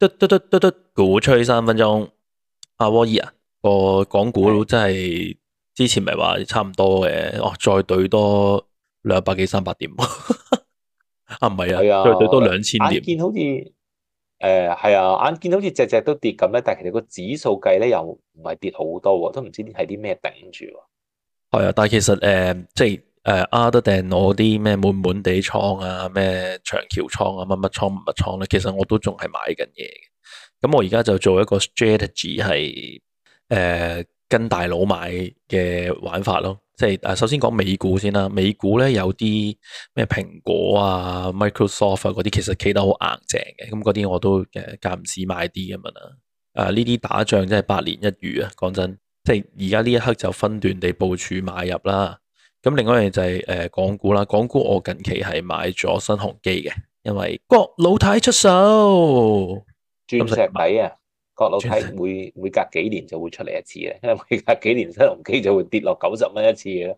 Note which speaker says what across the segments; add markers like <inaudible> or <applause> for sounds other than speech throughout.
Speaker 1: 得得得得得，股吹三分鐘。阿沃爾啊，個、啊、港股真係是的 之前咪話差唔多嘅，哦，再對多兩百幾三百點。 <laughs> 啊，唔係啊，的再對多兩千點眼、呃。眼見
Speaker 2: 好似誒，係啊，眼見到好似隻隻都跌咁咧，但係其實個指數計咧又唔係跌好多，都唔知係啲咩頂住。
Speaker 1: 係啊，但係其實誒、呃，即係。誒，啱得定攞啲咩滿滿地倉啊，咩長橋倉啊，乜乜倉乜乜倉咧？其實我都仲係買緊嘢，咁我而家就做一個 strategy 係誒、呃、跟大佬買嘅玩法咯，即係誒首先講美股先啦，美股咧有啲咩蘋果啊、Microsoft 啊嗰啲，其實企得好硬淨嘅，咁嗰啲我都誒間唔時買啲咁樣啦。誒呢啲打仗真係百年一遇啊，講真，即係而家呢一刻就分段地部署買入啦。咁另外就係誒，港股啦，港股我近期係買咗新鴻基嘅，因為郭老太出手
Speaker 2: 鑽石底啊，郭老太每每隔幾年就會出嚟一次嘅，因為每隔幾年新鴻基就會跌落九十蚊一次嘅，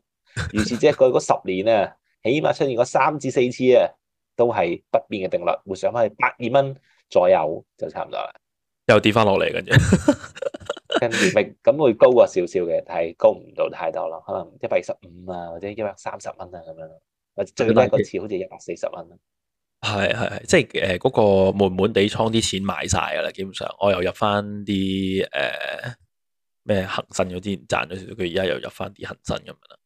Speaker 2: 於是即係過去十年咧，起碼出現過三至四次啊，都係不變嘅定律，會上翻去百二蚊左右就差唔多啦，又跌翻落嚟嘅啫。 <laughs> 咁 <laughs> 會高過少少嘅，但係高唔到太多咯，可能一百二十五啊，或者一百三十蚊啊咁樣，或者最低嗰次好似一百四十蚊。
Speaker 1: 係係係，即係誒嗰個滿滿地倉啲錢買晒噶啦，基本上門門我又入翻啲誒咩恒生嗰啲賺咗少少，佢而家又入翻啲恒生咁樣啦，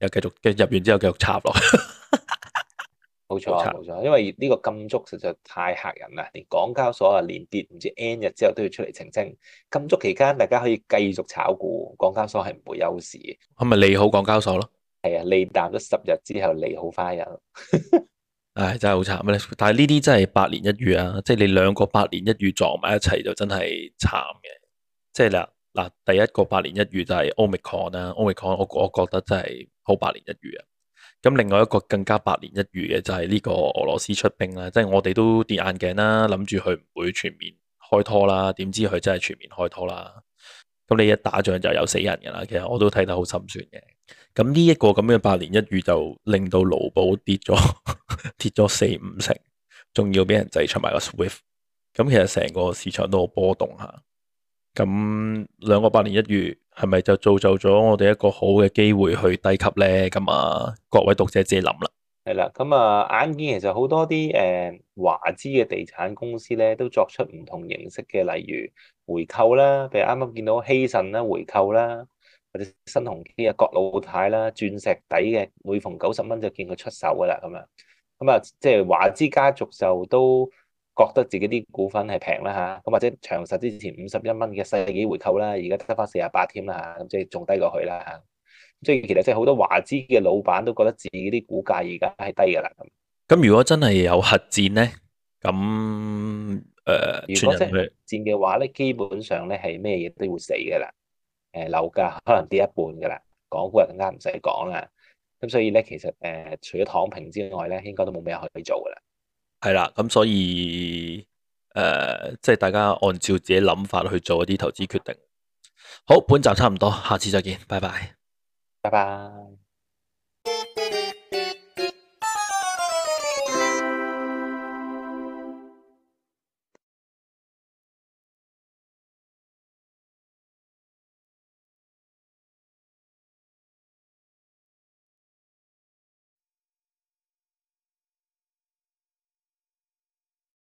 Speaker 1: 又繼續跟入完之後繼續插落。 <laughs>
Speaker 2: 冇錯冇錯，錯慘因為呢個禁足實在太嚇人啦，連港交所啊連跌，唔知 N 日之後都要出嚟澄清。禁足期間，大家可以繼續炒股，港交所係唔會有事
Speaker 1: 嘅。咁咪利好港交所咯？
Speaker 2: 係啊，利淡咗十日之後，利好翻人。
Speaker 1: <laughs> 唉，真係好慘啊！但係呢啲真係百年一遇啊，即係你兩個百年一遇撞埋一齊，就真係慘嘅。即係啦，嗱，第一個百年一遇就係 Omicron 啦 Omicron，我我覺得真係好百年一遇啊。咁另外一個更加百年一遇嘅就係呢個俄羅斯出兵啦，即係我哋都跌眼鏡啦，諗住佢唔會全面開拖啦，點知佢真係全面開拖啦。咁你一打仗就有死人噶啦，其實我都睇得好心酸嘅。咁呢一個咁嘅百年一遇就令到盧布跌咗 <laughs> 跌咗四五成，仲要俾人制裁埋個 Swift。咁其實成個市場都好波動吓。咁兩個百年一遇。係咪就造就咗我哋一個好嘅機會去低吸咧？咁啊，各位讀者自己諗啦。
Speaker 2: 係啦，咁啊，眼見其實好多啲誒華資嘅地產公司咧，都作出唔同形式嘅，例如回購啦，譬如啱啱見到希慎啦回購啦，或者新鴻基啊、郭老太啦、鑽石底嘅，每逢九十蚊就見佢出手噶啦，咁樣。咁啊，即係華資家族就都。覺得自己啲股份係平啦嚇，咁或者長實之前五十一蚊嘅世紀回購啦，而家得翻四十八添啦咁，即係仲低過佢啦。即係其實即係好多華資嘅老闆都覺得自己啲股價而家係低噶啦。
Speaker 1: 咁如果真係有核戰咧，咁誒，呃、核
Speaker 2: 戰嘅話咧，基本上咧係咩嘢都會死噶啦。誒、呃、樓價可能跌一半噶啦，港股就更加唔使講啦。咁所以咧，其實誒、呃、除咗躺平之外咧，應該都冇咩可以做噶啦。
Speaker 1: 係啦，咁所以誒、呃，即係大家按照自己諗法去做一啲投資決定。好，本集差唔多，下次再見，拜拜，
Speaker 2: 拜拜。